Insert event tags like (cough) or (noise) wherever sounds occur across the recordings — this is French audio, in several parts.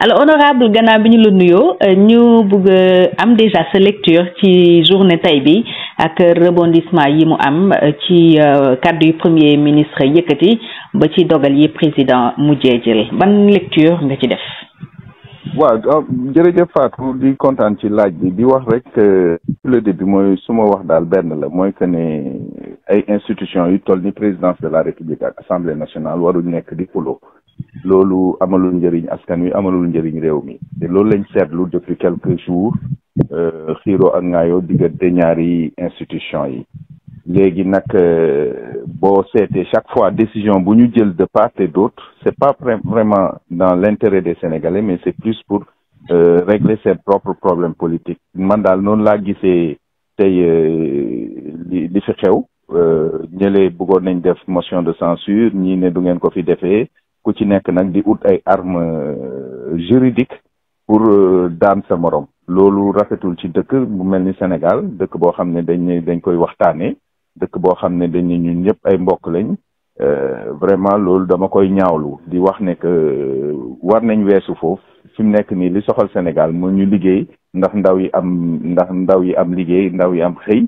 alors honorable Gana bi ñu nous euh, euh, am déjà sa lecture qui journée tey bi ak rebondissement yi mu am euh, ci cadre du premier ministre yëkkati ba ci dogal yi président mu jeejël ban lecture nga ci def Wa, ah, jërëjëf Fatou di content ci laaj bi di wax rek le début moy suma wax dal ben la moy que né ay institution yu toll ni présidence de la république ak assemblée nationale waru nekk di polo loolu amalul njëriñ askan wi amalul njëriñ réew mi te loolu lañ seetlu depuis quelques jours euh, xiro ak ngaayoo diggante ñaari institution yi légui nak euh, bo seetee chaque fois décision bu ñu jël de part et d'autre c'est pas vraiment dans l'intérêt des Sénégalais mais c'est plus pour euh, régler ses propres problèmes politiques man non la gissé tay euh, li li fi xew ñële bëggoon nañ def motion de censure ñi né du ngeen ko fi défé ku ci nekk nag di ut ay arme euh, juridique pour euh, daan sa morom loolu rafetul ci dëkk bu mel ni Sénégal dëkk boo xam ne dañ dañ koy waxtaanee dëkk boo xam ne dañ ñun ñëpp ay mbokk lañ euh, vraiment loolu dama koy ñaawlu di wax ne que war nañ weesu foofu fi mu nekk nii li soxal Sénégal moo ñu liggéey ndax ndaw yi am ndax ndaw yi am liggéey ndaw yi am xëy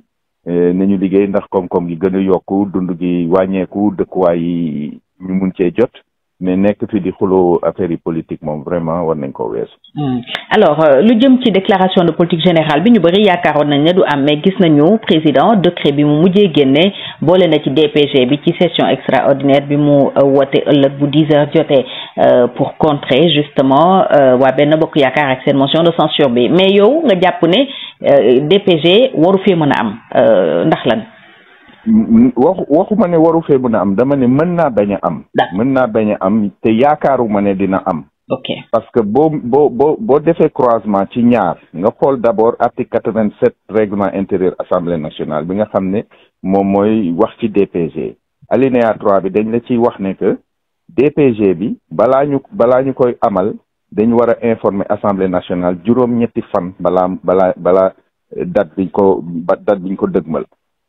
nañu liggéey ndax koom-koom gi gën yokk yokku dund gi wàññeeku dëkkuwaay yi ñu cee jot mais nek fi di xuloo affaire politique mom vraiment war nañ ko weesu. Hmm. alors euh, lu jëm ci déclaration de politique générale bi ñu bëri yaakaaroon nañ ne du am mais gis nañu président décret bi mu mujjee génne boole na ci DPG bi ci session extraordinaire bi mu euh, woté ëlëk bu 10h heures euh, pour contrer justement euh, wa benn bokk yaakaar ak seen motion de censure bi mais yow nga japp né DPG waru fi mëna a am ndax lan. waxu ma ne waru fee mën a am dama ne mën naa bañ a am. mën naa bañ am te ma ne dina am. ok parce que boo boo boo boo defee croisement ci ñaar nga xool d' abord article quatre vingt sept règlement intérieur assemblée nationale bi nga xam ne moom mooy wax ci DPG. alinéa trois bi dañ la ciy wax ne que DPG bi balaa ñu balaa ñu koy amal dañ war a informer assemblée nationale juróom-ñetti fan balaa balaa balaa date biñ ko ba date ko dëgmal.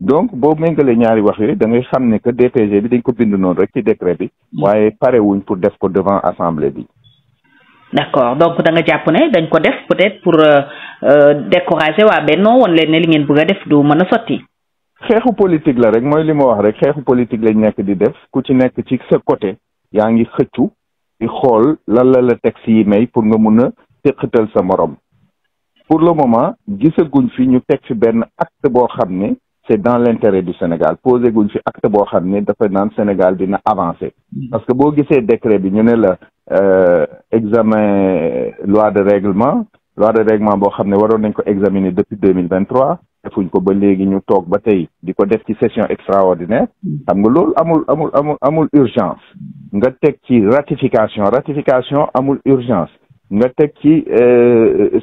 donc boo méngalee ñaari wax yooyu da ngay xam ne que DPG bi dañ ko bind noonu rek ci décret bi. Mm. waaye pare wuñ pour def ko devant assemblée bi. d' accord donc da nga jàpp ne dañ ko def peut être pour euh, euh, décourager waa Benno woon leen ne li ngeen bëgg a def du mën a sotti. xeexu politique la rek mooy li ma wax rek xeexu politique lañ nekk di def ku ci nekk ci sa côté yaa ngi xëccu di xool lan la la texte yi may pour nga mun a tëqatal sa morom. pour le moment gisaguñ fi ñu teg fi benn acte boo xam ne. c'est dans l'intérêt du Sénégal Posez-vous un acte pour que dafa Sénégal dina mm. parce que boo gisee décret bi ñu ne la euh, examen euh, loi de règlement loi de règlement vous xam nous nañ depuis 2023. Il faut que nous ko ba léegi ñu toog ba ci session extraordinaire mm. xam nga loolu amul amul amul urgence nga teg ci ratification ratification amul urgence nga teg ci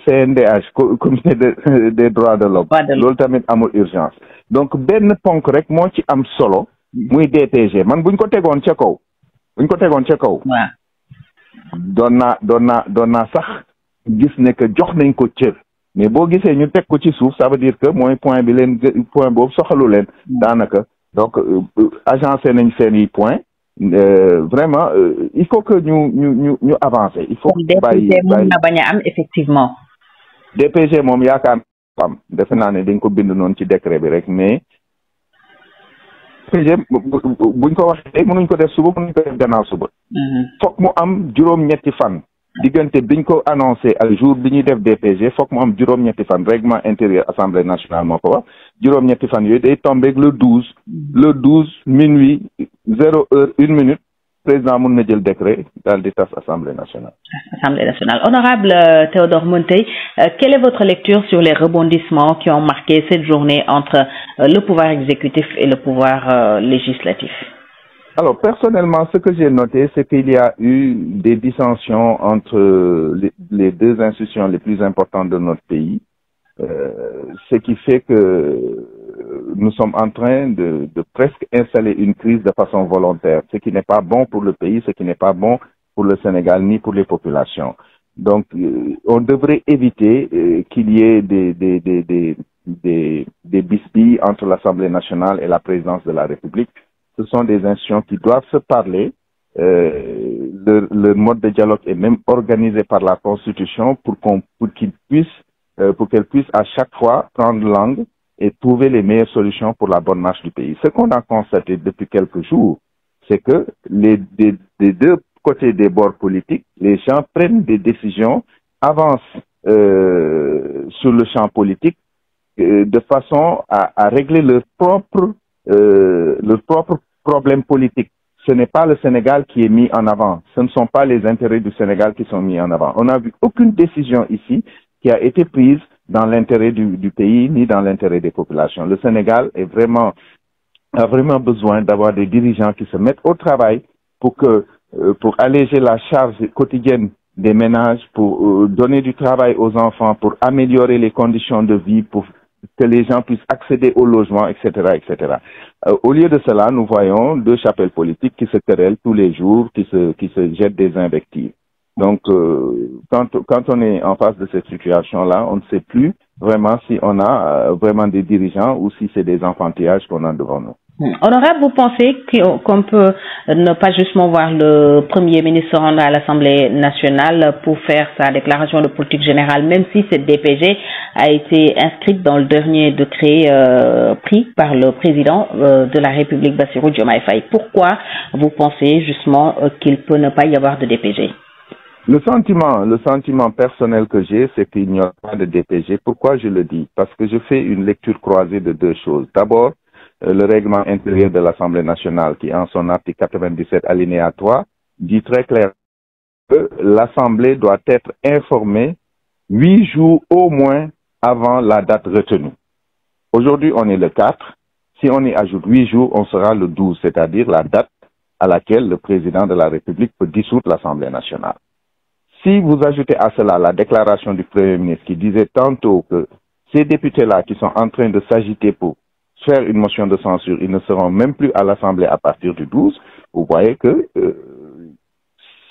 CNDH comité (laughs) des des droits de l'homme loolu tamit amul urgence donc benn ponk rek moo ci am solo muy DTG man buñ ko tegoon ca kaw buñ ko tegoon ca kaw doon naa doon naa doon naa sax gis ne que jox nañ ko cër mais boo gisee ñu teg ko ci suuf ça veut dire que mooy point bi leen point boobu soxalu leen mm. daanaka donc euh, agencé nañ seen i point Euh, vraiment euh, il faut que ñu ñu ñu ñu avancer. il faut que bàyyi DPG mun na bañ am effectivement. DPG moom yaakaar pam defe naa ne dañ ko bind noonu ci décret bi rek mais. DPG buñ ko waxee mënuñ ko def suba mënuñ ko def gannaaw suba. Mhm. foog mu am juróom-ñetti fan. diggante biñ ko annoncé ak jour bi def DPG foog mu am ñetti fan règlement intérieur assemblée nationale moko ko wax ñetti fan le 12, le 12 minuit 0h 1 minute président mën na jël décret dans di tas assemblée nationale. assemblée nationale honorable euh, Théodore Montey euh, quelle est votre lecture sur les rebondissements qui ont marqué cette journée entre euh, le pouvoir exécutif et le pouvoir législatif. Alors, personnellement, ce que j'ai noté, c'est qu'il y a eu des dissensions entre les, deux institutions les plus importantes de notre pays, euh, ce qui fait que nous sommes en train de, presque installer une crise de façon volontaire, ce qui n'est pas bon pour le pays, ce qui n'est pas bon pour le Sénégal ni pour les populations. Donc, euh, on devrait éviter euh, qu'il y ait des, des, entre l'Assemblée nationale et la présidence de la République ce sont des institutions qui doivent se parler. Euh, le, mode de dialogue est même organisé par la Constitution pour qu'on pour qu'ils puissent euh, pour qu'elles puissent à chaque fois prendre langue et trouver les meilleures solutions pour la bonne marche du pays. Ce qu'on a constaté depuis quelques jours, c'est que les des, deux côtés des bords politiques, les gens prennent des décisions, avancent euh, sur le champ politique de façon à, à régler leur propre... Euh, le propre problème politique. Ce n'est pas le Sénégal qui est mis en avant. Ce ne sont pas les intérêts du Sénégal qui sont mis en avant. On n'a vu aucune décision ici qui a été prise dans l'intérêt du, pays ni dans l'intérêt des populations. Le Sénégal a vraiment besoin d'avoir des dirigeants qui se mettent au travail pour que, euh, pour alléger la charge quotidienne des ménages, pour euh, donner du travail aux enfants, pour améliorer les conditions de vie, pour que les gens puissent accéder au logement, etc., etc. Euh, au lieu de cela, nous voyons deux chapelles politiques qui se querellent tous les jours, qui se, qui se jettent des invectives. Donc, euh, quand, quand on est en face de cette situation-là, on ne sait plus vraiment si on a euh, vraiment des dirigeants ou si c'est des enfantillages qu'on a devant nous. Mm. Honorable, vous pensez qu'on peut ne pas justement voir le Premier ministre rendre à l'Assemblée nationale pour faire sa déclaration de politique générale, même si cette DPG a été inscrite dans le dernier décret euh, pris par le président euh, de la République, Bassirou Diomaye Pourquoi vous pensez justement euh, qu'il peut ne pas y avoir de DPG le sentiment, le sentiment personnel que j'ai, c'est qu'il n'y a pas de DPG. Pourquoi je le dis Parce que je fais une lecture croisée de deux choses. D'abord, euh, le règlement intérieur de l'Assemblée nationale, qui en son article 97 alinéa 3, dit très clairement que l'Assemblée doit être informée huit jours au moins avant la date retenue. Aujourd'hui, on est le 4. Si on y ajoute huit jours, on sera le 12, c'est-à-dire la date à laquelle le président de la République peut dissoudre l'Assemblée nationale. Si vous ajoutez à cela la déclaration du Premier ministre qui disait tantôt que ces députés-là qui sont en train de s'agiter pour faire une motion de censure, ils ne seront même plus à l'Assemblée à partir du 12, vous voyez que euh,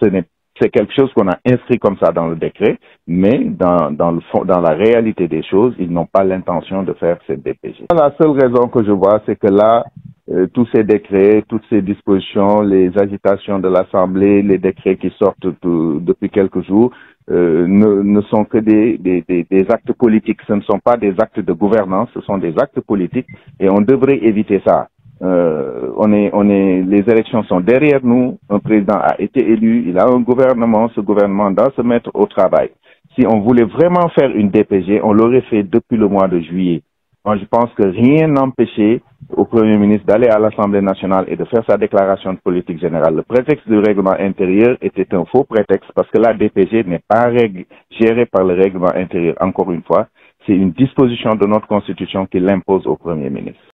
c'est quelque chose qu'on a inscrit comme ça dans le décret, mais dans, le fond, dans la réalité des choses, ils n'ont pas l'intention de faire cette DPJ. La seule raison que je vois, c'est que là, euh, tous ces décrets, toutes ces dispositions, les agitations de l'Assemblée, les décrets qui sortent depuis quelques jours, euh, ne, sont que des, des, actes politiques. Ce ne sont pas des actes de gouvernance, ce sont des actes politiques et on devrait éviter ça. Euh, on est, on est, les élections sont derrière nous. Un président a été élu, il a un gouvernement. Ce gouvernement doit se mettre au travail. Si on voulait vraiment faire une DPG, on l'aurait fait depuis le mois de juillet. Moi, je pense que rien n'empêchait au Premier ministre d'aller à l'Assemblée nationale et de faire sa déclaration de politique générale. Le prétexte du règlement intérieur était un faux prétexte parce que la DPG n'est pas gérée par le règlement intérieur. Encore une fois, c'est une disposition de notre Constitution qui l'impose au Premier ministre.